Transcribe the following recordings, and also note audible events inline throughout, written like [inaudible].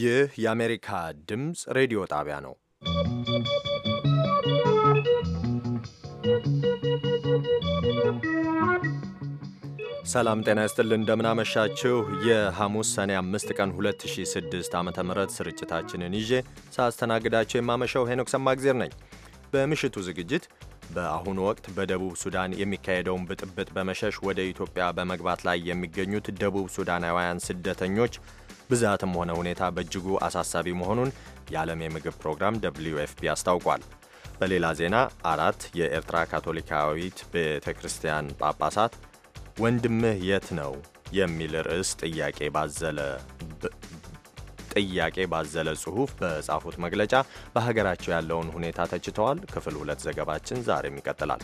ይህ የአሜሪካ ድምፅ ሬዲዮ ጣቢያ ነው። ሰላም ጤና ይስጥልን። እንደምናመሻችሁ የሐሙስ ሰኔ 5 ቀን 2006 ዓ ም ስርጭታችንን ይዤ ሳስተናግዳቸው የማመሻው ሄኖክ ሰማግዜር ነኝ። በምሽቱ ዝግጅት በአሁኑ ወቅት በደቡብ ሱዳን የሚካሄደውን ብጥብጥ በመሸሽ ወደ ኢትዮጵያ በመግባት ላይ የሚገኙት ደቡብ ሱዳናውያን ስደተኞች ብዛትም ሆነ ሁኔታ በእጅጉ አሳሳቢ መሆኑን የዓለም የምግብ ፕሮግራም ደብልዩ ኤፍፒ አስታውቋል። በሌላ ዜና አራት የኤርትራ ካቶሊካዊት ቤተ ክርስቲያን ጳጳሳት ወንድምህ የት ነው የሚል ርዕስ ጥያቄ ባዘለ ጥያቄ ባዘለ ጽሁፍ በጻፉት መግለጫ በሀገራቸው ያለውን ሁኔታ ተችተዋል። ክፍል ሁለት ዘገባችን ዛሬም ይቀጥላል።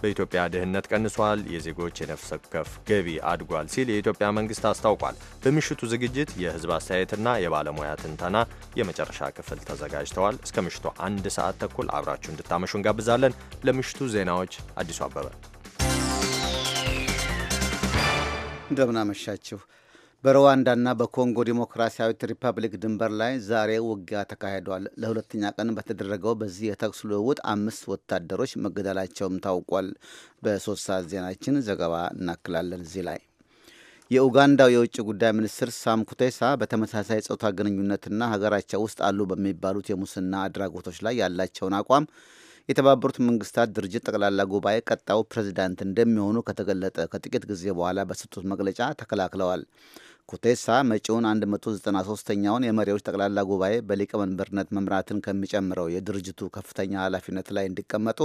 በኢትዮጵያ ድህነት ቀንሷል፣ የዜጎች የነፍስ ወከፍ ገቢ አድጓል ሲል የኢትዮጵያ መንግስት አስታውቋል። በምሽቱ ዝግጅት የህዝብ አስተያየትና የባለሙያ ትንተና የመጨረሻ ክፍል ተዘጋጅተዋል። እስከ ምሽቱ አንድ ሰዓት ተኩል አብራችሁ እንድታመሹ እንጋብዛለን። ለምሽቱ ዜናዎች አዲሱ አበበ እንደምናመሻችሁ። በሩዋንዳና በኮንጎ ዲሞክራሲያዊት ሪፐብሊክ ድንበር ላይ ዛሬ ውጊያ ተካሂዷል። ለሁለተኛ ቀን በተደረገው በዚህ የተኩስ ልውውጥ አምስት ወታደሮች መገደላቸውም ታውቋል። በሶስት ሰዓት ዜናችን ዘገባ እናክላለን እዚህ ላይ የኡጋንዳው የውጭ ጉዳይ ሚኒስትር ሳም ኩቴሳ በተመሳሳይ ጾታ ግንኙነትና ሀገራቸው ውስጥ አሉ በሚባሉት የሙስና አድራጎቶች ላይ ያላቸውን አቋም የተባበሩት መንግስታት ድርጅት ጠቅላላ ጉባኤ ቀጣው ፕሬዚዳንት እንደሚሆኑ ከተገለጠ ከጥቂት ጊዜ በኋላ በሰጡት መግለጫ ተከላክለዋል። ኩቴሳ መጪውን 193ኛውን የመሪዎች ጠቅላላ ጉባኤ በሊቀመንበርነት መምራትን ከሚጨምረው የድርጅቱ ከፍተኛ ኃላፊነት ላይ እንዲቀመጡ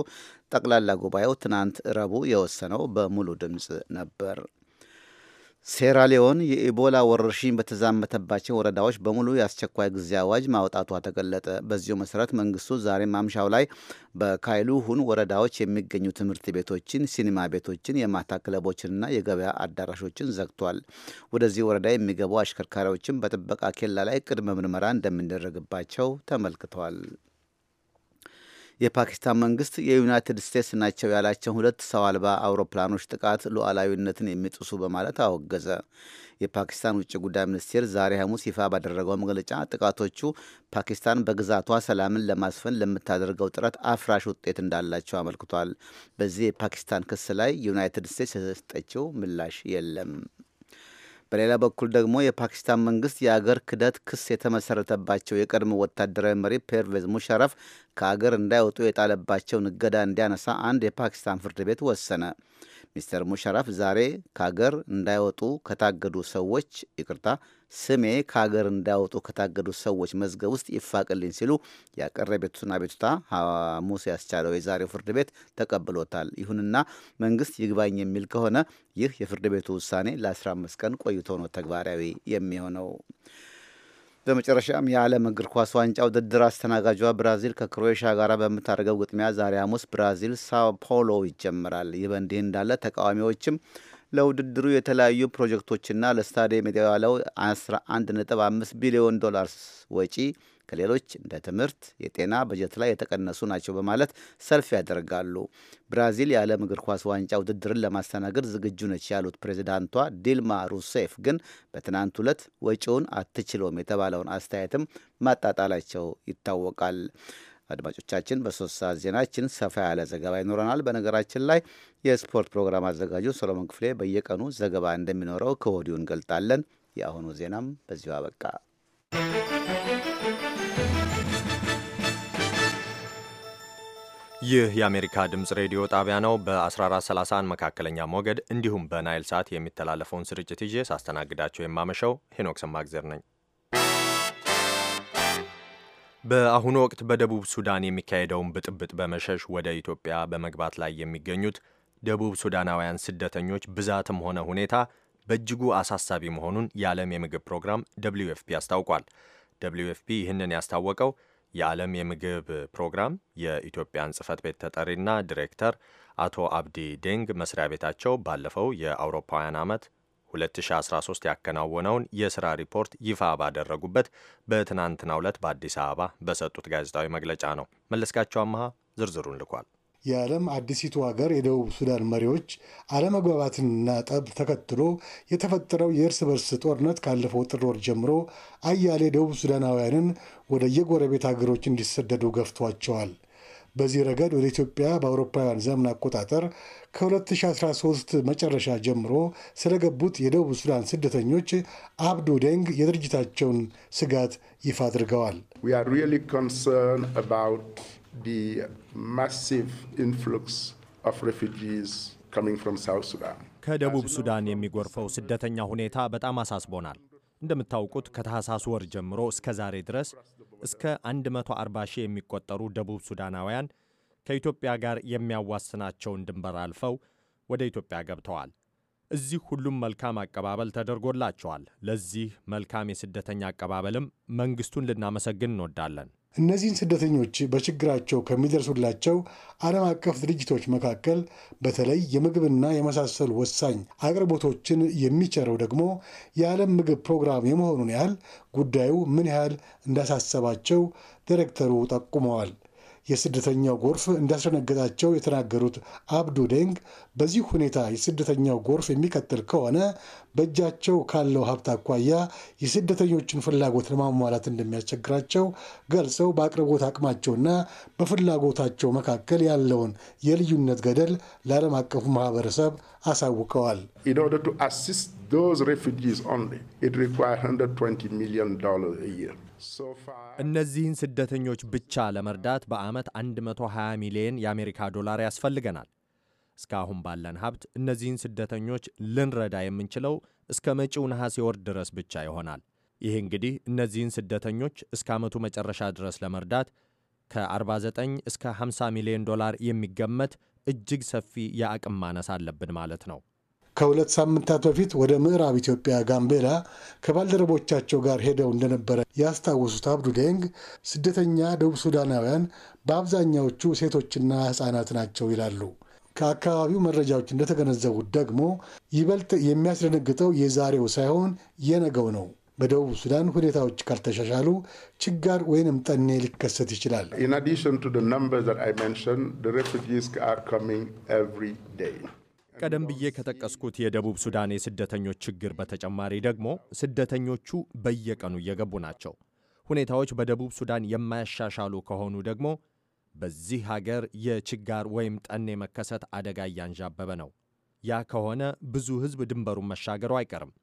ጠቅላላ ጉባኤው ትናንት ረቡዕ የወሰነው በሙሉ ድምፅ ነበር። ሴራሊዮን የኢቦላ ወረርሽኝ በተዛመተባቸው ወረዳዎች በሙሉ የአስቸኳይ ጊዜ አዋጅ ማውጣቷ ተገለጠ። በዚሁ መሰረት መንግስቱ ዛሬ ማምሻው ላይ በካይሉሁን ወረዳዎች የሚገኙ ትምህርት ቤቶችን፣ ሲኒማ ቤቶችን፣ የማታ ክለቦችንና የገበያ አዳራሾችን ዘግቷል። ወደዚህ ወረዳ የሚገቡ አሽከርካሪዎችን በጥበቃ ኬላ ላይ ቅድመ ምርመራ እንደሚደረግባቸው ተመልክተዋል። የፓኪስታን መንግስት የዩናይትድ ስቴትስ ናቸው ያላቸውን ሁለት ሰው አልባ አውሮፕላኖች ጥቃት ሉዓላዊነትን የሚጥሱ በማለት አወገዘ። የፓኪስታን ውጭ ጉዳይ ሚኒስቴር ዛሬ ሐሙስ ይፋ ባደረገው መግለጫ ጥቃቶቹ ፓኪስታን በግዛቷ ሰላምን ለማስፈን ለምታደርገው ጥረት አፍራሽ ውጤት እንዳላቸው አመልክቷል። በዚህ የፓኪስታን ክስ ላይ ዩናይትድ ስቴትስ የሰጠችው ምላሽ የለም። በሌላ በኩል ደግሞ የፓኪስታን መንግስት የአገር ክደት ክስ የተመሰረተባቸው የቀድሞ ወታደራዊ መሪ ፔርቬዝ ሙሸረፍ ከአገር እንዳይወጡ የጣለባቸውን እገዳ እንዲያነሳ አንድ የፓኪስታን ፍርድ ቤት ወሰነ። ሚስተር ሙሸረፍ ዛሬ ከአገር እንዳይወጡ ከታገዱ ሰዎች ይቅርታ ስሜ ከሀገር እንዳያወጡ ከታገዱት ሰዎች መዝገብ ውስጥ ይፋቅልኝ ሲሉ ያቀረቤቱን አቤቱታ ሐሙስ ያስቻለው የዛሬው ፍርድ ቤት ተቀብሎታል። ይሁንና መንግስት ይግባኝ የሚል ከሆነ ይህ የፍርድ ቤቱ ውሳኔ ለ15 ቀን ቆይቶ ነው ተግባራዊ የሚሆነው። በመጨረሻም የዓለም እግር ኳስ ዋንጫ ውድድር አስተናጋጇ ብራዚል ከክሮኤሽያ ጋር በምታደርገው ግጥሚያ ዛሬ ሐሙስ ብራዚል ሳው ይጀምራል። ይህ በእንዲህ እንዳለ ተቃዋሚዎችም ለውድድሩ የተለያዩ ፕሮጀክቶችና ለስታዲየም የተዋለው 11.5 ቢሊዮን ዶላርስ ወጪ ከሌሎች እንደ ትምህርት፣ የጤና በጀት ላይ የተቀነሱ ናቸው በማለት ሰልፍ ያደርጋሉ። ብራዚል የዓለም እግር ኳስ ዋንጫ ውድድርን ለማስተናገድ ዝግጁ ነች ያሉት ፕሬዚዳንቷ ዲልማ ሩሴፍ ግን በትናንት ዕለት ወጪውን አትችለውም የተባለውን አስተያየትም ማጣጣላቸው ይታወቃል። አድማጮቻችን፣ በሶስት ሰዓት ዜናችን ሰፋ ያለ ዘገባ ይኖረናል። በነገራችን ላይ የስፖርት ፕሮግራም አዘጋጁ ሰሎሞን ክፍሌ በየቀኑ ዘገባ እንደሚኖረው ከወዲሁ እንገልጣለን። የአሁኑ ዜናም በዚሁ አበቃ። ይህ የአሜሪካ ድምፅ ሬዲዮ ጣቢያ ነው። በ1431 መካከለኛ ሞገድ እንዲሁም በናይል ሰዓት የሚተላለፈውን ስርጭት ይዤ ሳስተናግዳቸው የማመሸው ሄኖክ ሰማግዘር ነኝ። በአሁኑ ወቅት በደቡብ ሱዳን የሚካሄደውን ብጥብጥ በመሸሽ ወደ ኢትዮጵያ በመግባት ላይ የሚገኙት ደቡብ ሱዳናውያን ስደተኞች ብዛትም ሆነ ሁኔታ በእጅጉ አሳሳቢ መሆኑን የዓለም የምግብ ፕሮግራም ደብልዩ ኤፍፒ አስታውቋል። ደብልዩ ኤፍፒ ይህንን ያስታወቀው የዓለም የምግብ ፕሮግራም የኢትዮጵያን ጽህፈት ቤት ተጠሪና ዲሬክተር አቶ አብዲ ዴንግ መስሪያ ቤታቸው ባለፈው የአውሮፓውያን ዓመት 2013 ያከናወነውን የስራ ሪፖርት ይፋ ባደረጉበት በትናንትናው ዕለት በአዲስ አበባ በሰጡት ጋዜጣዊ መግለጫ ነው። መለስካቸው አመሃ ዝርዝሩን ልኳል። የዓለም አዲሲቱ ሀገር የደቡብ ሱዳን መሪዎች አለመግባባትንና ጠብ ተከትሎ የተፈጠረው የእርስ በርስ ጦርነት ካለፈው ጥር ወር ጀምሮ አያሌ ደቡብ ሱዳናውያንን ወደ የጎረቤት ሀገሮች እንዲሰደዱ ገፍቷቸዋል። በዚህ ረገድ ወደ ኢትዮጵያ በአውሮፓውያን ዘመን አቆጣጠር ከ2013 መጨረሻ ጀምሮ ስለገቡት የደቡብ ሱዳን ስደተኞች አብዱ ደንግ የድርጅታቸውን ስጋት ይፋ አድርገዋል። ከደቡብ ሱዳን የሚጎርፈው ስደተኛ ሁኔታ በጣም አሳስቦናል። እንደምታውቁት ከታህሳስ ወር ጀምሮ እስከ ዛሬ ድረስ እስከ 140 ሺህ የሚቆጠሩ ደቡብ ሱዳናውያን ከኢትዮጵያ ጋር የሚያዋስናቸውን ድንበር አልፈው ወደ ኢትዮጵያ ገብተዋል። እዚህ ሁሉም መልካም አቀባበል ተደርጎላቸዋል። ለዚህ መልካም የስደተኛ አቀባበልም መንግስቱን ልናመሰግን እንወዳለን። እነዚህን ስደተኞች በችግራቸው ከሚደርሱላቸው ዓለም አቀፍ ድርጅቶች መካከል በተለይ የምግብና የመሳሰሉ ወሳኝ አቅርቦቶችን የሚቸረው ደግሞ የዓለም ምግብ ፕሮግራም የመሆኑን ያህል ጉዳዩ ምን ያህል እንዳሳሰባቸው ዳይሬክተሩ ጠቁመዋል። የስደተኛው ጎርፍ እንዳስደነገጣቸው የተናገሩት አብዱ ደንግ በዚህ ሁኔታ የስደተኛው ጎርፍ የሚቀጥል ከሆነ በእጃቸው ካለው ሀብት አኳያ የስደተኞችን ፍላጎት ለማሟላት እንደሚያስቸግራቸው ገልጸው በአቅርቦት አቅማቸውና በፍላጎታቸው መካከል ያለውን የልዩነት ገደል ለዓለም አቀፉ ማህበረሰብ አሳውቀዋል። እነዚህን ስደተኞች ብቻ ለመርዳት በዓመት 120 ሚሊዮን የአሜሪካ ዶላር ያስፈልገናል። እስካሁን ባለን ሀብት እነዚህን ስደተኞች ልንረዳ የምንችለው እስከ መጪው ነሐሴ ወር ድረስ ብቻ ይሆናል። ይህ እንግዲህ እነዚህን ስደተኞች እስከ ዓመቱ መጨረሻ ድረስ ለመርዳት ከ49 እስከ 50 ሚሊዮን ዶላር የሚገመት እጅግ ሰፊ የአቅም ማነስ አለብን ማለት ነው። ከሁለት ሳምንታት በፊት ወደ ምዕራብ ኢትዮጵያ ጋምቤላ ከባልደረቦቻቸው ጋር ሄደው እንደነበረ ያስታወሱት አብዱ ዴንግ ስደተኛ ደቡብ ሱዳናውያን በአብዛኛዎቹ ሴቶችና ሕፃናት ናቸው ይላሉ። ከአካባቢው መረጃዎች እንደተገነዘቡት ደግሞ ይበልጥ የሚያስደነግጠው የዛሬው ሳይሆን የነገው ነው። በደቡብ ሱዳን ሁኔታዎች ካልተሻሻሉ ችጋር ወይንም ጠኔ ሊከሰት ይችላል። ቀደም ብዬ ከጠቀስኩት የደቡብ ሱዳን የስደተኞች ችግር በተጨማሪ ደግሞ ስደተኞቹ በየቀኑ እየገቡ ናቸው። ሁኔታዎች በደቡብ ሱዳን የማያሻሻሉ ከሆኑ ደግሞ በዚህ ሀገር የችጋር ወይም ጠኔ መከሰት አደጋ እያንዣበበ ነው። ያ ከሆነ ብዙ ሕዝብ ድንበሩን መሻገሩ አይቀርም።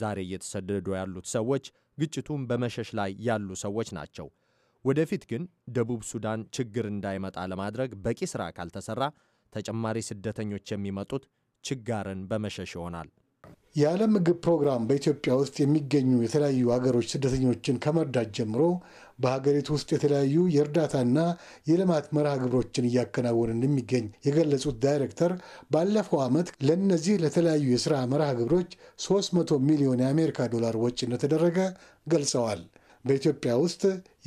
ዛሬ እየተሰደዱ ያሉት ሰዎች ግጭቱን በመሸሽ ላይ ያሉ ሰዎች ናቸው። ወደፊት ግን ደቡብ ሱዳን ችግር እንዳይመጣ ለማድረግ በቂ ሥራ ካልተሠራ ተጨማሪ ስደተኞች የሚመጡት ችጋርን በመሸሽ ይሆናል። የዓለም ምግብ ፕሮግራም በኢትዮጵያ ውስጥ የሚገኙ የተለያዩ ሀገሮች ስደተኞችን ከመርዳት ጀምሮ በሀገሪቱ ውስጥ የተለያዩ የእርዳታና የልማት መርሃ ግብሮችን እያከናወነ እንደሚገኝ የገለጹት ዳይሬክተር ባለፈው ዓመት ለእነዚህ ለተለያዩ የሥራ መርሃ ግብሮች 300 ሚሊዮን የአሜሪካ ዶላር ወጪ እንደተደረገ ገልጸዋል። በኢትዮጵያ ውስጥ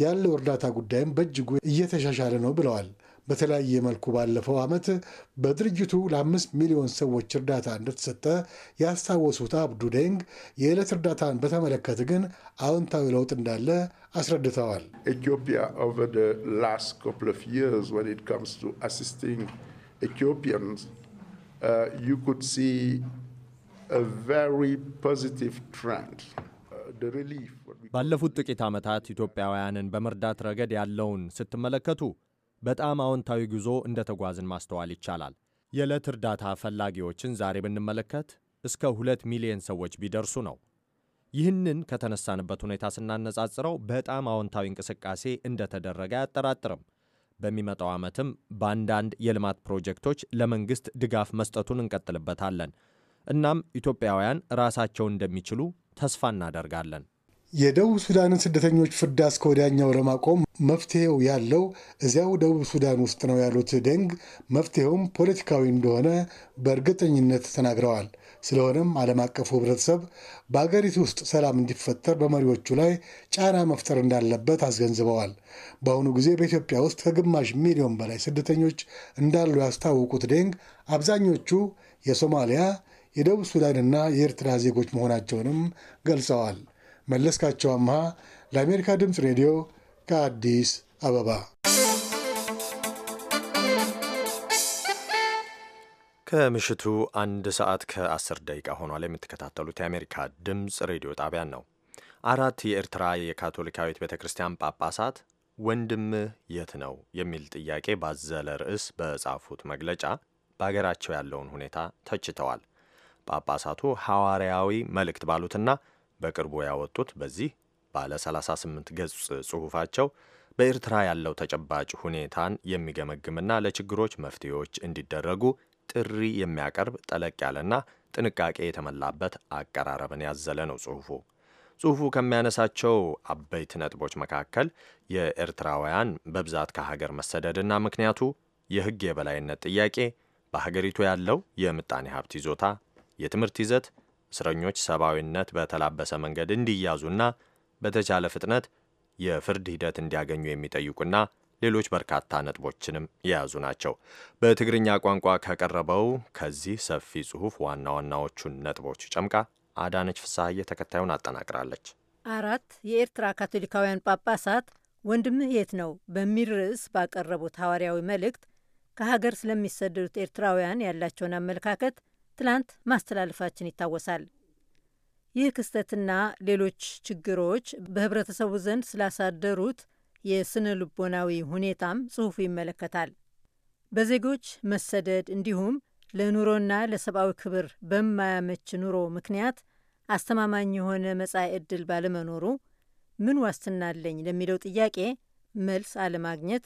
ያለው እርዳታ ጉዳይም በእጅጉ እየተሻሻለ ነው ብለዋል። በተለያየ መልኩ ባለፈው ዓመት በድርጅቱ ለአምስት ሚሊዮን ሰዎች እርዳታ እንደተሰጠ ያስታወሱት አብዱ ደንግ የዕለት እርዳታን በተመለከተ ግን አዎንታዊ ለውጥ እንዳለ አስረድተዋል። ኢትዮጵያ ኦቨር ዘ ላስት ኮፕል ኦፍ ይርስ ኢት ካምስ ቱ አሲስቲንግ ኢትዮጵያንስ ዩ ኩድ ሲ አ ፖዚቲቭ ትሬንድ ባለፉት ጥቂት ዓመታት ኢትዮጵያውያንን በመርዳት ረገድ ያለውን ስትመለከቱ በጣም አዎንታዊ ጉዞ እንደተጓዝን ማስተዋል ይቻላል። የዕለት እርዳታ ፈላጊዎችን ዛሬ ብንመለከት እስከ ሁለት ሚሊዮን ሰዎች ቢደርሱ ነው። ይህንን ከተነሳንበት ሁኔታ ስናነጻጽረው በጣም አዎንታዊ እንቅስቃሴ እንደተደረገ አያጠራጥርም። በሚመጣው ዓመትም በአንዳንድ የልማት ፕሮጀክቶች ለመንግሥት ድጋፍ መስጠቱን እንቀጥልበታለን። እናም ኢትዮጵያውያን ራሳቸውን እንደሚችሉ ተስፋ እናደርጋለን። የደቡብ ሱዳንን ስደተኞች ፍዳ እስከ ወዲያኛው ለማቆም መፍትሄው ያለው እዚያው ደቡብ ሱዳን ውስጥ ነው ያሉት ደንግ መፍትሄውም ፖለቲካዊ እንደሆነ በእርግጠኝነት ተናግረዋል። ስለሆነም ዓለም አቀፉ ሕብረተሰብ በአገሪቱ ውስጥ ሰላም እንዲፈጠር በመሪዎቹ ላይ ጫና መፍጠር እንዳለበት አስገንዝበዋል። በአሁኑ ጊዜ በኢትዮጵያ ውስጥ ከግማሽ ሚሊዮን በላይ ስደተኞች እንዳሉ ያስታወቁት ደንግ አብዛኞቹ የሶማሊያ፣ የደቡብ ሱዳንና የኤርትራ ዜጎች መሆናቸውንም ገልጸዋል። መለስካቸው አምሃ ለአሜሪካ ድምፅ ሬዲዮ ከአዲስ አበባ። ከምሽቱ አንድ ሰዓት ከ10 ደቂቃ ሆኗል። የምትከታተሉት የአሜሪካ ድምፅ ሬዲዮ ጣቢያን ነው። አራት የኤርትራ የካቶሊካዊት ቤተ ክርስቲያን ጳጳሳት ወንድምህ የት ነው የሚል ጥያቄ ባዘለ ርዕስ በጻፉት መግለጫ በአገራቸው ያለውን ሁኔታ ተችተዋል። ጳጳሳቱ ሐዋርያዊ መልእክት ባሉትና በቅርቡ ያወጡት በዚህ ባለ 38 ገጽ ጽሑፋቸው በኤርትራ ያለው ተጨባጭ ሁኔታን የሚገመግምና ለችግሮች መፍትሄዎች እንዲደረጉ ጥሪ የሚያቀርብ ጠለቅ ያለና ጥንቃቄ የተሞላበት አቀራረብን ያዘለ ነው ጽሑፉ። ጽሑፉ ከሚያነሳቸው አበይት ነጥቦች መካከል የኤርትራውያን በብዛት ከሀገር መሰደድና ምክንያቱ፣ የሕግ የበላይነት ጥያቄ፣ በሀገሪቱ ያለው የምጣኔ ሀብት ይዞታ፣ የትምህርት ይዘት፣ እስረኞች ሰብአዊነት በተላበሰ መንገድ እንዲያዙና በተቻለ ፍጥነት የፍርድ ሂደት እንዲያገኙ የሚጠይቁና ሌሎች በርካታ ነጥቦችንም የያዙ ናቸው። በትግርኛ ቋንቋ ከቀረበው ከዚህ ሰፊ ጽሑፍ ዋና ዋናዎቹን ነጥቦች ጨምቃ አዳነች ፍሳሐዬ ተከታዩን አጠናቅራለች። አራት የኤርትራ ካቶሊካውያን ጳጳሳት ወንድምህ የት ነው በሚል ርዕስ ባቀረቡት ሐዋርያዊ መልእክት ከሀገር ስለሚሰደዱት ኤርትራውያን ያላቸውን አመለካከት ትላንት ማስተላለፋችን ይታወሳል። ይህ ክስተትና ሌሎች ችግሮች በህብረተሰቡ ዘንድ ስላሳደሩት የስነ ልቦናዊ ሁኔታም ጽሑፉ ይመለከታል። በዜጎች መሰደድ እንዲሁም ለኑሮና ለሰብአዊ ክብር በማያመች ኑሮ ምክንያት አስተማማኝ የሆነ መጻኢ ዕድል ባለመኖሩ ምን ዋስትና አለኝ ለሚለው ጥያቄ መልስ አለማግኘት፣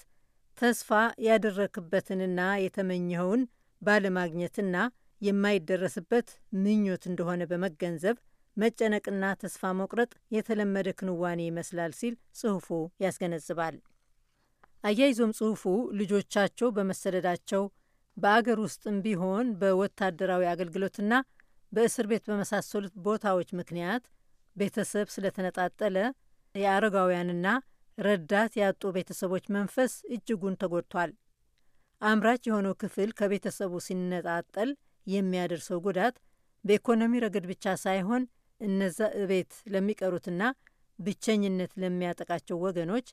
ተስፋ ያደረክበትንና የተመኘኸውን ባለማግኘትና የማይደረስበት ምኞት እንደሆነ በመገንዘብ መጨነቅና ተስፋ መቁረጥ የተለመደ ክንዋኔ ይመስላል ሲል ጽሑፉ ያስገነዝባል። አያይዞም ጽሑፉ ልጆቻቸው በመሰደዳቸው በአገር ውስጥም ቢሆን በወታደራዊ አገልግሎትና በእስር ቤት በመሳሰሉት ቦታዎች ምክንያት ቤተሰብ ስለተነጣጠለ የአረጋውያንና ረዳት ያጡ ቤተሰቦች መንፈስ እጅጉን ተጎድቷል። አምራች የሆነው ክፍል ከቤተሰቡ ሲነጣጠል የሚያደርሰው ጉዳት በኢኮኖሚ ረገድ ብቻ ሳይሆን እነዛ እቤት ለሚቀሩትና ብቸኝነት ለሚያጠቃቸው ወገኖች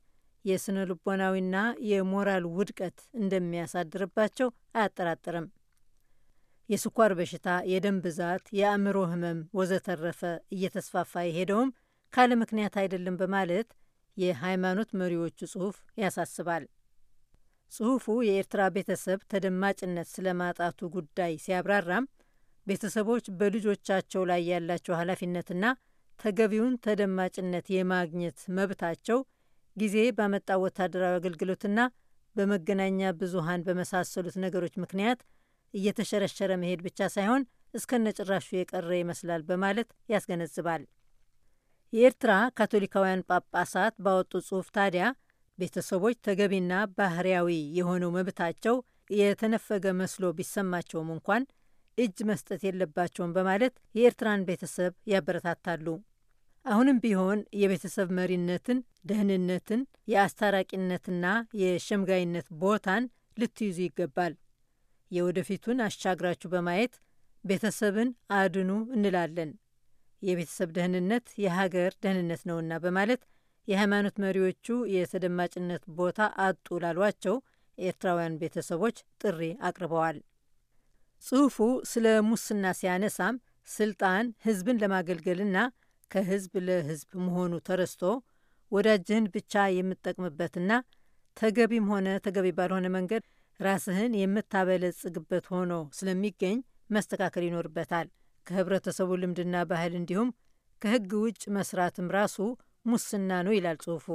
የስነ ልቦናዊና የሞራል ውድቀት እንደሚያሳድርባቸው አያጠራጥርም። የስኳር በሽታ፣ የደም ብዛት፣ የአእምሮ ህመም ወዘተረፈ እየተስፋፋ የሄደውም ካለ ምክንያት አይደለም በማለት የሃይማኖት መሪዎቹ ጽሑፍ ያሳስባል። ጽሑፉ የኤርትራ ቤተሰብ ተደማጭነት ስለማጣቱ ጉዳይ ሲያብራራም ቤተሰቦች በልጆቻቸው ላይ ያላቸው ኃላፊነትና ተገቢውን ተደማጭነት የማግኘት መብታቸው ጊዜ ባመጣው ወታደራዊ አገልግሎትና በመገናኛ ብዙሃን በመሳሰሉት ነገሮች ምክንያት እየተሸረሸረ መሄድ ብቻ ሳይሆን እስከነጭራሹ የቀረ ይመስላል በማለት ያስገነዝባል። የኤርትራ ካቶሊካውያን ጳጳሳት ባወጡ ጽሑፍ ታዲያ ቤተሰቦች ተገቢና ባህርያዊ የሆነው መብታቸው የተነፈገ መስሎ ቢሰማቸውም እንኳን እጅ መስጠት የለባቸውም በማለት የኤርትራን ቤተሰብ ያበረታታሉ። አሁንም ቢሆን የቤተሰብ መሪነትን፣ ደህንነትን፣ የአስታራቂነትና የሸምጋይነት ቦታን ልትይዙ ይገባል። የወደፊቱን አሻግራችሁ በማየት ቤተሰብን አድኑ እንላለን። የቤተሰብ ደህንነት የሀገር ደህንነት ነውና በማለት የሃይማኖት መሪዎቹ የተደማጭነት ቦታ አጡ ላሏቸው ኤርትራውያን ቤተሰቦች ጥሪ አቅርበዋል። ጽሑፉ ስለ ሙስና ሲያነሳም ስልጣን ህዝብን ለማገልገልና ከህዝብ ለህዝብ መሆኑ ተረስቶ ወዳጅህን ብቻ የምትጠቅምበትና ተገቢም ሆነ ተገቢ ባልሆነ መንገድ ራስህን የምታበለጽግበት ሆኖ ስለሚገኝ መስተካከል ይኖርበታል። ከህብረተሰቡ ልምድና ባህል እንዲሁም ከህግ ውጭ መስራትም ራሱ ሙስና ነው ይላል ጽሑፉ።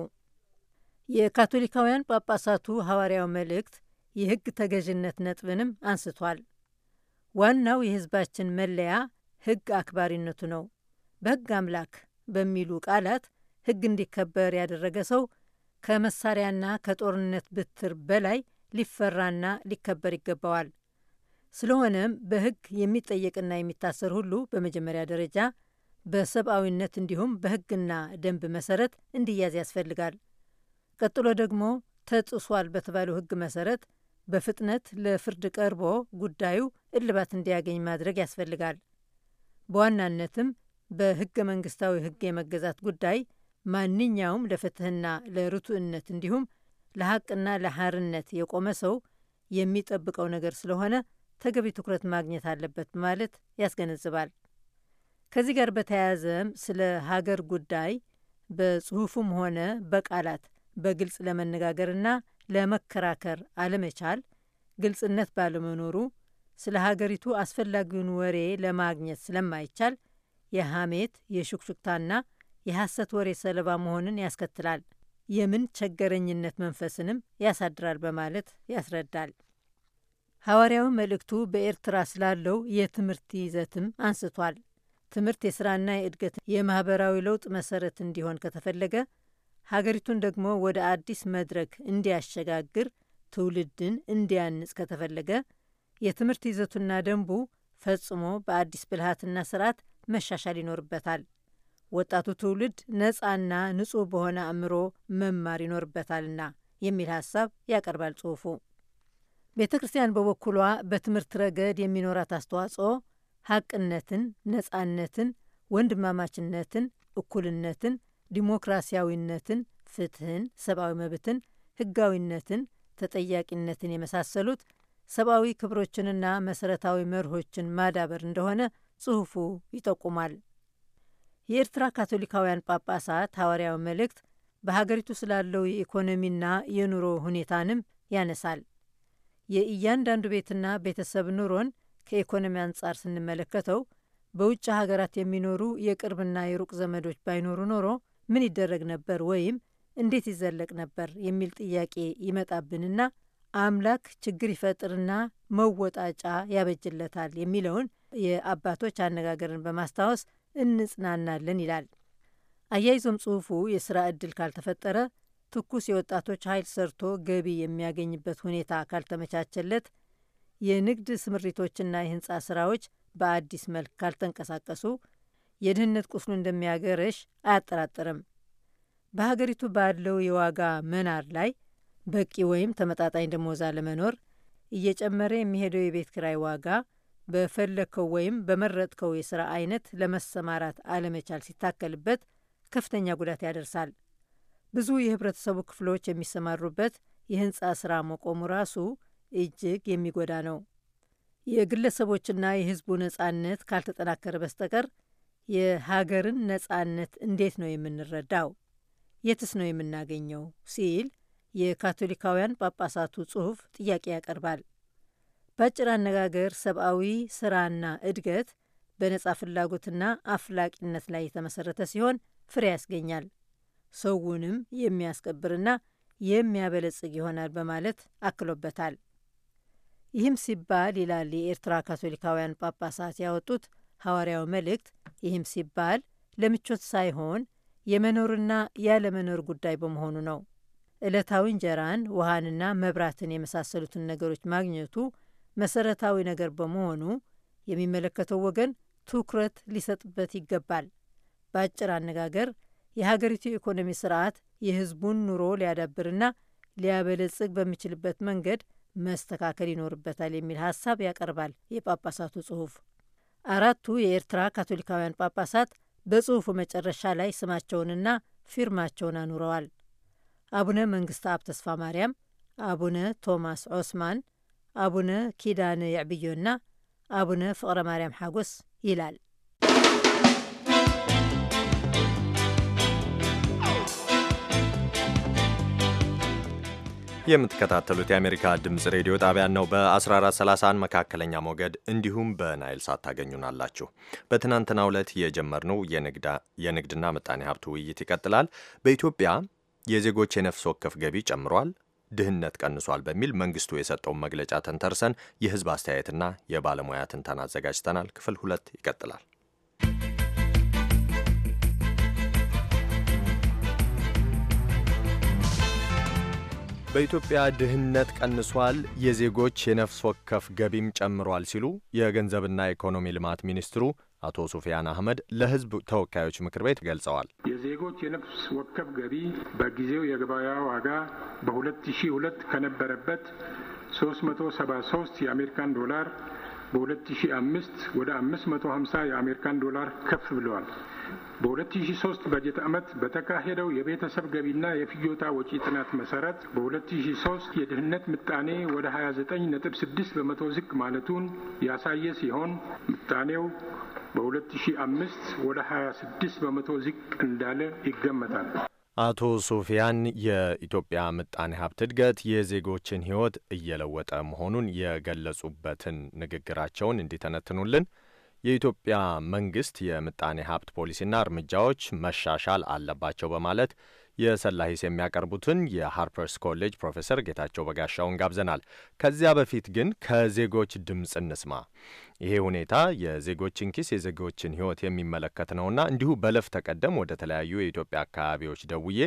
የካቶሊካውያን ጳጳሳቱ ሐዋርያው መልእክት የሕግ ተገዥነት ነጥብንም አንስቷል። ዋናው የሕዝባችን መለያ ሕግ አክባሪነቱ ነው። በሕግ አምላክ በሚሉ ቃላት ሕግ እንዲከበር ያደረገ ሰው ከመሳሪያና ከጦርነት ብትር በላይ ሊፈራና ሊከበር ይገባዋል። ስለሆነም በሕግ የሚጠየቅና የሚታሰር ሁሉ በመጀመሪያ ደረጃ በሰብአዊነት እንዲሁም በሕግና ደንብ መሰረት እንዲያዝ ያስፈልጋል። ቀጥሎ ደግሞ ተጥሷል በተባለው ሕግ መሰረት በፍጥነት ለፍርድ ቀርቦ ጉዳዩ እልባት እንዲያገኝ ማድረግ ያስፈልጋል። በዋናነትም በሕገ መንግስታዊ ሕግ የመገዛት ጉዳይ ማንኛውም ለፍትህና ለርቱዕነት እንዲሁም ለሐቅና ለሐርነት የቆመ ሰው የሚጠብቀው ነገር ስለሆነ ተገቢ ትኩረት ማግኘት አለበት ማለት ያስገነዝባል። ከዚህ ጋር በተያያዘም ስለ ሀገር ጉዳይ በጽሁፉም ሆነ በቃላት በግልጽ ለመነጋገርና ለመከራከር አለመቻል፣ ግልጽነት ባለመኖሩ ስለ ሀገሪቱ አስፈላጊውን ወሬ ለማግኘት ስለማይቻል የሐሜት የሹክሹክታና የሐሰት ወሬ ሰለባ መሆንን ያስከትላል። የምን ቸገረኝነት መንፈስንም ያሳድራል በማለት ያስረዳል። ሐዋርያዊ መልእክቱ በኤርትራ ስላለው የትምህርት ይዘትም አንስቷል። ትምህርት የስራና የእድገት የማህበራዊ ለውጥ መሰረት እንዲሆን ከተፈለገ ሀገሪቱን ደግሞ ወደ አዲስ መድረክ እንዲያሸጋግር ትውልድን እንዲያንጽ ከተፈለገ የትምህርት ይዘቱና ደንቡ ፈጽሞ በአዲስ ብልሃትና ስርዓት መሻሻል ይኖርበታል። ወጣቱ ትውልድ ነፃና ንጹሕ በሆነ አእምሮ መማር ይኖርበታልና የሚል ሀሳብ ያቀርባል ጽሑፉ። ቤተ ክርስቲያን በበኩሏ በትምህርት ረገድ የሚኖራት አስተዋጽኦ ሐቅነትን፣ ነጻነትን፣ ወንድማማችነትን፣ እኩልነትን፣ ዲሞክራሲያዊነትን፣ ፍትህን፣ ሰብአዊ መብትን፣ ህጋዊነትን፣ ተጠያቂነትን የመሳሰሉት ሰብአዊ ክብሮችንና መሰረታዊ መርሆችን ማዳበር እንደሆነ ጽሑፉ ይጠቁማል። የኤርትራ ካቶሊካውያን ጳጳሳት ሐዋርያዊ መልእክት በሀገሪቱ ስላለው የኢኮኖሚና የኑሮ ሁኔታንም ያነሳል። የእያንዳንዱ ቤትና ቤተሰብ ኑሮን ከኢኮኖሚ አንጻር ስንመለከተው በውጭ ሀገራት የሚኖሩ የቅርብና የሩቅ ዘመዶች ባይኖሩ ኖሮ ምን ይደረግ ነበር ወይም እንዴት ይዘለቅ ነበር የሚል ጥያቄ ይመጣብንና አምላክ ችግር ይፈጥርና መወጣጫ ያበጅለታል የሚለውን የአባቶች አነጋገርን በማስታወስ እንጽናናለን ይላል። አያይዞም ጽሑፉ የሥራ ዕድል ካልተፈጠረ፣ ትኩስ የወጣቶች ኃይል ሰርቶ ገቢ የሚያገኝበት ሁኔታ ካልተመቻቸለት የንግድ ስምሪቶችና የህንፃ ስራዎች በአዲስ መልክ ካልተንቀሳቀሱ የድህነት ቁስሉ እንደሚያገረሽ አያጠራጥርም። በሀገሪቱ ባለው የዋጋ መናር ላይ በቂ ወይም ተመጣጣኝ ደሞዝ አለመኖር፣ እየጨመረ የሚሄደው የቤት ክራይ ዋጋ፣ በፈለግከው ወይም በመረጥከው የሥራ አይነት ለመሰማራት አለመቻል ሲታከልበት ከፍተኛ ጉዳት ያደርሳል። ብዙ የህብረተሰቡ ክፍሎች የሚሰማሩበት የህንፃ ሥራ መቆሙ ራሱ እጅግ የሚጎዳ ነው። የግለሰቦችና የህዝቡ ነጻነት ካልተጠናከረ በስተቀር የሀገርን ነጻነት እንዴት ነው የምንረዳው? የትስ ነው የምናገኘው? ሲል የካቶሊካውያን ጳጳሳቱ ጽሑፍ ጥያቄ ያቀርባል። በአጭር አነጋገር ሰብአዊ ስራና እድገት በነጻ ፍላጎትና አፍላቂነት ላይ የተመሰረተ ሲሆን ፍሬ ያስገኛል፣ ሰውንም የሚያስከብርና የሚያበለጽግ ይሆናል በማለት አክሎበታል። ይህም ሲባል ይላል የኤርትራ ካቶሊካውያን ጳጳሳት ያወጡት ሐዋርያው መልእክት፣ ይህም ሲባል ለምቾት ሳይሆን የመኖርና ያለመኖር ጉዳይ በመሆኑ ነው። ዕለታዊ እንጀራን ውሃንና መብራትን የመሳሰሉትን ነገሮች ማግኘቱ መሰረታዊ ነገር በመሆኑ የሚመለከተው ወገን ትኩረት ሊሰጥበት ይገባል። በአጭር አነጋገር የሀገሪቱ ኢኮኖሚ ስርዓት የህዝቡን ኑሮ ሊያዳብርና ሊያበለጽግ በሚችልበት መንገድ መስተካከል ይኖርበታል የሚል ሀሳብ ያቀርባል የጳጳሳቱ ጽሑፍ። አራቱ የኤርትራ ካቶሊካውያን ጳጳሳት በጽሁፉ መጨረሻ ላይ ስማቸውንና ፊርማቸውን አኑረዋል። አቡነ መንግስተ አብ ተስፋ ማርያም፣ አቡነ ቶማስ ዖስማን፣ አቡነ ኪዳነ የዕብዮና አቡነ ፍቅረ ማርያም ሓጎስ ይላል። የምትከታተሉት የአሜሪካ ድምፅ ሬዲዮ ጣቢያን ነው። በ1431 መካከለኛ ሞገድ እንዲሁም በናይል ሳት ታገኙናላችሁ። በትናንትናው ዕለት የጀመርነው የንግድና ምጣኔ ሀብት ውይይት ይቀጥላል። በኢትዮጵያ የዜጎች የነፍስ ወከፍ ገቢ ጨምሯል፣ ድህነት ቀንሷል በሚል መንግስቱ የሰጠውን መግለጫ ተንተርሰን የህዝብ አስተያየትና የባለሙያ ትንተና አዘጋጅተናል። ክፍል ሁለት ይቀጥላል። በኢትዮጵያ ድህነት ቀንሷል፣ የዜጎች የነፍስ ወከፍ ገቢም ጨምሯል ሲሉ የገንዘብና ኢኮኖሚ ልማት ሚኒስትሩ አቶ ሱፊያን አህመድ ለሕዝብ ተወካዮች ምክር ቤት ገልጸዋል። የዜጎች የነፍስ ወከፍ ገቢ በጊዜው የገበያ ዋጋ በ2002 ከነበረበት 373 የአሜሪካን ዶላር በ2005 ወደ 550 የአሜሪካን ዶላር ከፍ ብለዋል። በ2003 በጀት ዓመት በተካሄደው የቤተሰብ ገቢና የፍጆታ ወጪ ጥናት መሰረት በ2003 የድህነት ምጣኔ ወደ 29.6 በመቶ ዝቅ ማለቱን ያሳየ ሲሆን ምጣኔው በ2005 ወደ 26 በመቶ ዝቅ እንዳለ ይገመታል። አቶ ሶፊያን የኢትዮጵያ ምጣኔ ሀብት እድገት የዜጎችን ሕይወት እየለወጠ መሆኑን የገለጹበትን ንግግራቸውን እንዲተነትኑልን የኢትዮጵያ መንግስት የምጣኔ ሀብት ፖሊሲና እርምጃዎች መሻሻል አለባቸው በማለት የሰላ ሂስ የሚያቀርቡትን የሃርፐርስ ኮሌጅ ፕሮፌሰር ጌታቸው በጋሻውን ጋብዘናል። ከዚያ በፊት ግን ከዜጎች ድምፅ እንስማ። ይሄ ሁኔታ የዜጎችን ኪስ የዜጎችን ህይወት የሚመለከት ነውና እንዲሁ በለፍ ተቀደም ወደ ተለያዩ የኢትዮጵያ አካባቢዎች ደውዬ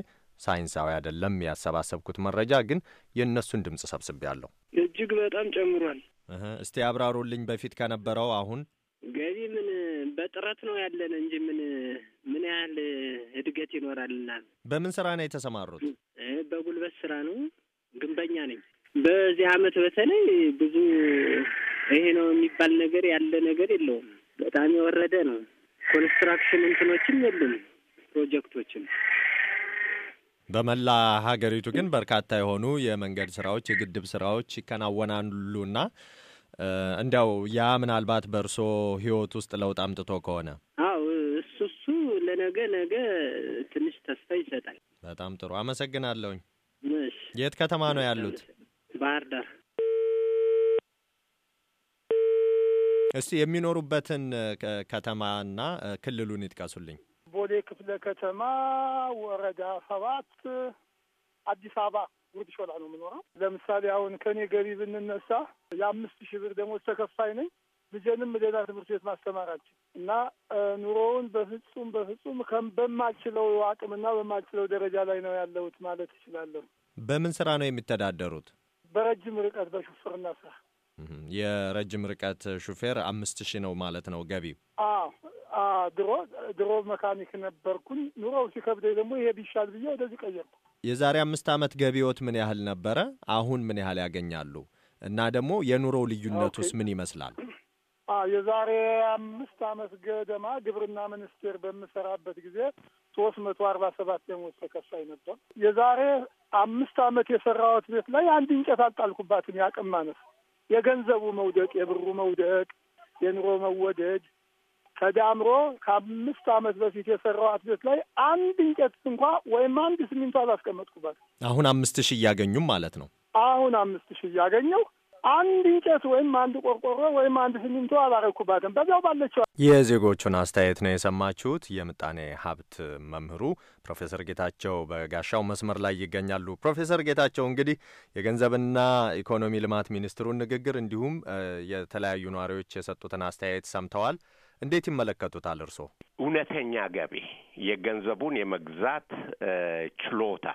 ሳይንሳዊ አይደለም ያሰባሰብኩት መረጃ ግን የእነሱን ድምፅ ሰብስቤያለሁ። እጅግ በጣም ጨምሯል። እስቲ አብራሩልኝ። በፊት ከነበረው አሁን ገቢ ምን በጥረት ነው ያለን እንጂ ምን ምን ያህል እድገት ይኖራልና። በምን ስራ ነው የተሰማሩት? በጉልበት ስራ ነው። ግንበኛ ነኝ። በዚህ አመት በተለይ ብዙ ይሄ ነው የሚባል ነገር ያለ ነገር የለውም። በጣም የወረደ ነው። ኮንስትራክሽን እንትኖችም የሉም ፕሮጀክቶችም። በመላ ሀገሪቱ ግን በርካታ የሆኑ የመንገድ ስራዎች፣ የግድብ ስራዎች ይከናወናሉና እንዲያው ያ ምናልባት በእርሶ ህይወት ውስጥ ለውጥ አምጥቶ ከሆነ አው እሱ እሱ ለነገ ነገ ትንሽ ተስፋ ይሰጣል። በጣም ጥሩ አመሰግናለሁኝ። የት ከተማ ነው ያሉት? ባህር ዳር። እስቲ የሚኖሩበትን ከተማና ክልሉን ይጥቀሱልኝ። ቦሌ ክፍለ ከተማ ወረዳ ሰባት አዲስ አበባ ጉርድ ሾላ ነው የምኖረው። ለምሳሌ አሁን ከኔ ገቢ ብንነሳ የአምስት ሺህ ብር ደሞዝ ተከፋይ ነኝ። ልጄንም ሌላ ትምህርት ቤት ማስተማራችን እና ኑሮውን በፍጹም በፍጹም በማችለው አቅምና በማችለው ደረጃ ላይ ነው ያለሁት ማለት እችላለሁ። በምን ስራ ነው የሚተዳደሩት? በረጅም ርቀት በሹፍርና ስራ የረጅም ርቀት ሹፌር አምስት ሺህ ነው ማለት ነው ገቢው? ድሮ ድሮ መካኒክ ነበርኩኝ። ኑሮው ሲከብደ ደግሞ ይሄ ቢሻል ብዬ ወደዚህ ቀየርኩ። የዛሬ አምስት ዓመት ገቢዎት ምን ያህል ነበረ? አሁን ምን ያህል ያገኛሉ? እና ደግሞ የኑሮው ውስጥ ምን ይመስላል? የዛሬ አምስት ዓመት ገደማ ግብርና ሚኒስቴር በምሰራበት ጊዜ ሶስት መቶ አርባ ሰባት ደሞዝ ተከፋይ ነበር። የዛሬ አምስት ዓመት የሰራሁት ቤት ላይ አንድ እንጨት አልጣልኩባትም። ያቅም ማነስ የገንዘቡ መውደቅ፣ የብሩ መውደቅ፣ የኑሮ መወደድ ተዳምሮ ከአምስት ዓመት በፊት የሰራኋት ቤት ላይ አንድ እንጨት እንኳ ወይም አንድ ስሚንቶ አላስቀመጥኩባት። አሁን አምስት ሺህ እያገኙም ማለት ነው። አሁን አምስት ሺህ እያገኘው አንድ እንጨት ወይም አንድ ቆርቆሮ ወይም አንድ ሲሚንቶ አላረኩባትም። በዚያው ባለችዋል። የዜጎቹን አስተያየት ነው የሰማችሁት። የምጣኔ ሀብት መምህሩ ፕሮፌሰር ጌታቸው በጋሻው መስመር ላይ ይገኛሉ። ፕሮፌሰር ጌታቸው እንግዲህ የገንዘብና ኢኮኖሚ ልማት ሚኒስትሩን ንግግር እንዲሁም የተለያዩ ነዋሪዎች የሰጡትን አስተያየት ሰምተዋል። እንዴት ይመለከቱታል እርስዎ? እውነተኛ ገቢ የገንዘቡን የመግዛት ችሎታ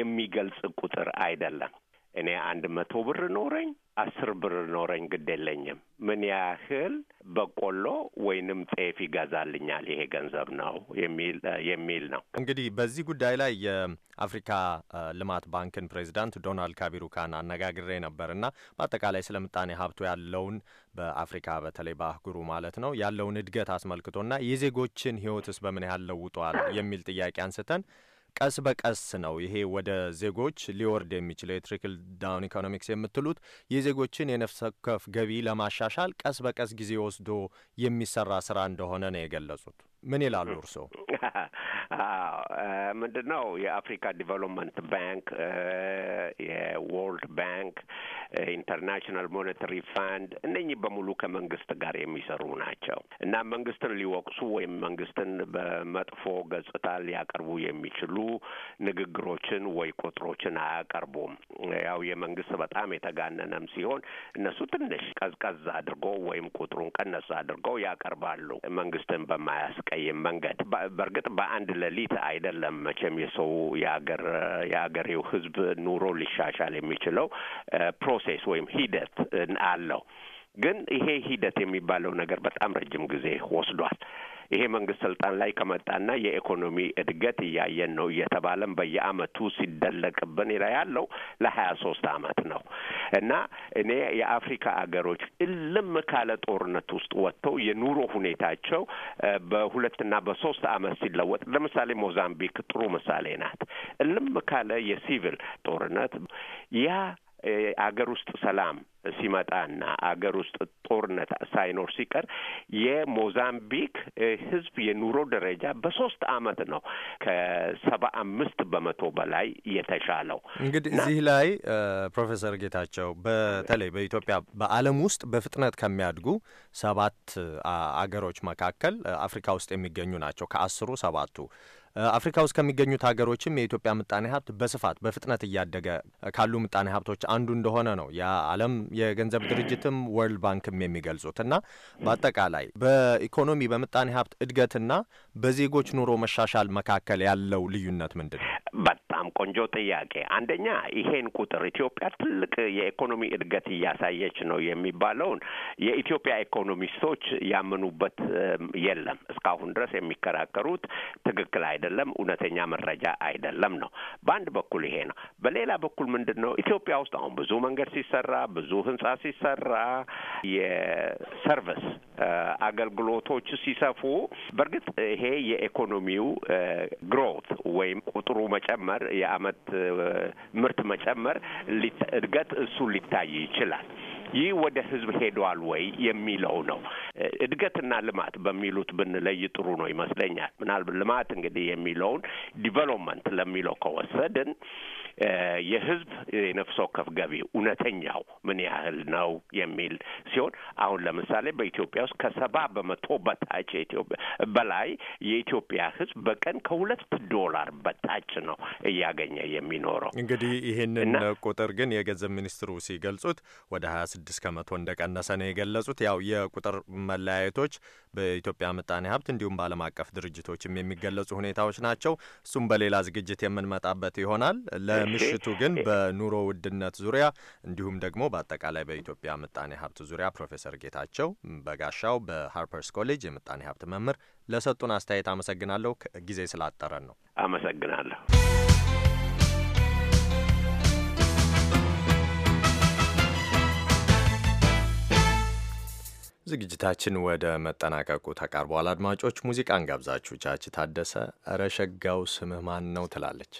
የሚገልጽ ቁጥር አይደለም። እኔ አንድ መቶ ብር ኖረኝ አስር ብር ኖረኝ ግድ የለኝም። ምን ያህል በቆሎ ወይንም ጤፍ ይገዛልኛል ይሄ ገንዘብ ነው የሚል የሚል ነው። እንግዲህ በዚህ ጉዳይ ላይ የአፍሪካ ልማት ባንክን ፕሬዚዳንት ዶናልድ ካቢሩካን አነጋግሬ ነበር እና በአጠቃላይ ስለ ምጣኔ ሀብቱ ያለውን በአፍሪካ በተለይ በአህጉሩ ማለት ነው ያለውን እድገት አስመልክቶና የዜጎችን ህይወትስ በምን ያህል ለውጧል የሚል ጥያቄ አንስተን ቀስ በቀስ ነው ይሄ ወደ ዜጎች ሊወርድ የሚችለው የትሪክል ዳውን ኢኮኖሚክስ የምትሉት የዜጎችን የነፍስ ወከፍ ገቢ ለማሻሻል ቀስ በቀስ ጊዜ ወስዶ የሚሰራ ስራ እንደሆነ ነው የገለጹት። ምን ይላሉ እርስዎ? [laughs] ምንድን ነው የአፍሪካ ዲቨሎፕመንት ባንክ፣ የወርልድ ባንክ፣ ኢንተርናሽናል ሞኔተሪ ፋንድ እነኚህ በሙሉ ከመንግስት ጋር የሚሰሩ ናቸው እና መንግስትን ሊወቅሱ ወይም መንግስትን በመጥፎ ገጽታ ሊያቀርቡ የሚችሉ ንግግሮችን ወይ ቁጥሮችን አያቀርቡም። ያው የመንግስት በጣም የተጋነነም ሲሆን እነሱ ትንሽ ቀዝቀዝ አድርጎ ወይም ቁጥሩን ቀነስ አድርገው ያቀርባሉ መንግስትን በማያስቀ በሚያቀይም መንገድ በእርግጥ በአንድ ሌሊት አይደለም መቼም የሰው የአገር የአገሬው ህዝብ ኑሮ ሊሻሻል የሚችለው ፕሮሴስ ወይም ሂደት አለው። ግን ይሄ ሂደት የሚባለው ነገር በጣም ረጅም ጊዜ ወስዷል። ይሄ መንግስት ስልጣን ላይ ከመጣና የኢኮኖሚ እድገት እያየን ነው እየተባለም በየአመቱ ሲደለቅብን ያለው ለሀያ ሶስት አመት ነው እና እኔ የአፍሪካ አገሮች እልም ካለ ጦርነት ውስጥ ወጥተው የኑሮ ሁኔታቸው በሁለትና በሶስት አመት ሲለወጥ ለምሳሌ ሞዛምቢክ ጥሩ ምሳሌ ናት። እልም ካለ የሲቪል ጦርነት ያ አገር ውስጥ ሰላም ሲመጣና አገር ውስጥ ጦርነት ሳይኖር ሲቀር የሞዛምቢክ ህዝብ የኑሮ ደረጃ በሶስት አመት ነው ከሰባ አምስት በመቶ በላይ የተሻለው። እንግዲህ እዚህ ላይ ፕሮፌሰር ጌታቸው በተለይ በኢትዮጵያ በዓለም ውስጥ በፍጥነት ከሚያድጉ ሰባት አገሮች መካከል አፍሪካ ውስጥ የሚገኙ ናቸው ከአስሩ ሰባቱ አፍሪካ ውስጥ ከሚገኙት ሀገሮችም የኢትዮጵያ ምጣኔ ሀብት በስፋት በፍጥነት እያደገ ካሉ ምጣኔ ሀብቶች አንዱ እንደሆነ ነው የዓለም የገንዘብ ድርጅትም ወርልድ ባንክም የሚገልጹት እና በአጠቃላይ በኢኮኖሚ በምጣኔ ሀብት እድገትና በዜጎች ኑሮ መሻሻል መካከል ያለው ልዩነት ምንድን ነው? በጣም ቆንጆ ጥያቄ። አንደኛ ይሄን ቁጥር ኢትዮጵያ ትልቅ የኢኮኖሚ እድገት እያሳየች ነው የሚባለውን የኢትዮጵያ ኢኮኖሚስቶች ያመኑበት የለም። እስካሁን ድረስ የሚከራከሩት ትክክል አይደለም። አይደለም፣ እውነተኛ መረጃ አይደለም ነው። በአንድ በኩል ይሄ ነው። በሌላ በኩል ምንድን ነው ኢትዮጵያ ውስጥ አሁን ብዙ መንገድ ሲሰራ፣ ብዙ ህንጻ ሲሰራ፣ የሰርቪስ አገልግሎቶች ሲሰፉ፣ በእርግጥ ይሄ የኢኮኖሚው ግሮውት ወይም ቁጥሩ መጨመር የአመት ምርት መጨመር እድገት እሱ ሊታይ ይችላል። ይህ ወደ ህዝብ ሄደዋል ወይ የሚለው ነው። እድገትና ልማት በሚሉት ብንለይ ጥሩ ነው ይመስለኛል። ምናልባት ልማት እንግዲህ የሚለውን ዲቨሎፕመንት ለሚለው ከወሰድን የህዝብ የነፍስ ወከፍ ገቢ እውነተኛው ምን ያህል ነው የሚል ሲሆን አሁን ለምሳሌ በኢትዮጵያ ውስጥ ከሰባ በመቶ በታች በላይ የኢትዮጵያ ህዝብ በቀን ከሁለት ዶላር በታች ነው እያገኘ የሚኖረው። እንግዲህ ይህንን ቁጥር ግን የገንዘብ ሚኒስትሩ ሲገልጹት ወደ ሀያ ስድስት ከመቶ እንደቀነሰ ነው የገለጹት። ያው የቁጥር መለያየቶች በኢትዮጵያ ምጣኔ ሀብት እንዲሁም በዓለም አቀፍ ድርጅቶችም የሚገለጹ ሁኔታዎች ናቸው። እሱም በሌላ ዝግጅት የምንመጣበት ይሆናል። ለምሽቱ ግን በኑሮ ውድነት ዙሪያ እንዲሁም ደግሞ በአጠቃላይ በኢትዮጵያ ምጣኔ ሀብት ዙሪያ ፕሮፌሰር ጌታቸው በጋሻው በሃርፐርስ ኮሌጅ የምጣኔ ሀብት መምህር ለሰጡን አስተያየት አመሰግናለሁ። ጊዜ ስላጠረን ነው። አመሰግናለሁ። ዝግጅታችን ወደ መጠናቀቁ ተቃርቧል። አድማጮች ሙዚቃን ጋብዛችሁ ቻች ታደሰ እረ ሸጋው ስምህ ማን ነው ትላለች።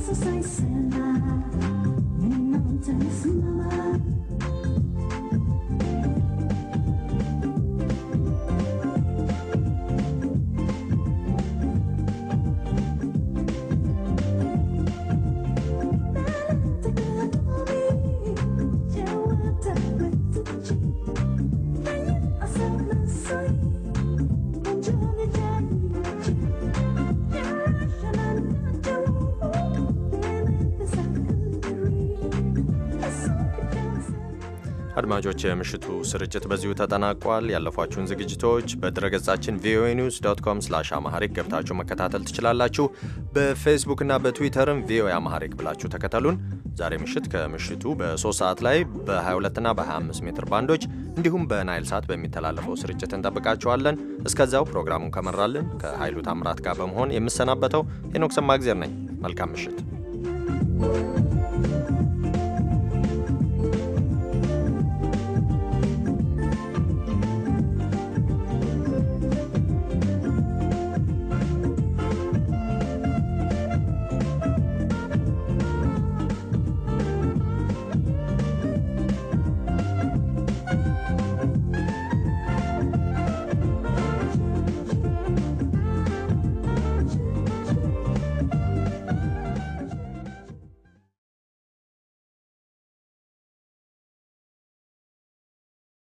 Sesaysenler, benim altın sınavlar. አድማጮች፣ የምሽቱ ስርጭት በዚሁ ተጠናቋል። ያለፏችሁን ዝግጅቶች በድረገጻችን ቪኦኤ ኒውስ ዶት ኮም ስላሽ አማሐሪክ ገብታችሁ መከታተል ትችላላችሁ። በፌስቡክና በትዊተርም ቪኦኤ አማሐሪክ ብላችሁ ተከተሉን። ዛሬ ምሽት ከምሽቱ በ3 ሰዓት ላይ በ22ና በ25 ሜትር ባንዶች እንዲሁም በናይል ሳት በሚተላለፈው ስርጭት እንጠብቃችኋለን። እስከዚያው ፕሮግራሙን ከመራልን ከኃይሉ ታምራት ጋር በመሆን የምሰናበተው ሄኖክ ሰማግዜር ነኝ። መልካም ምሽት።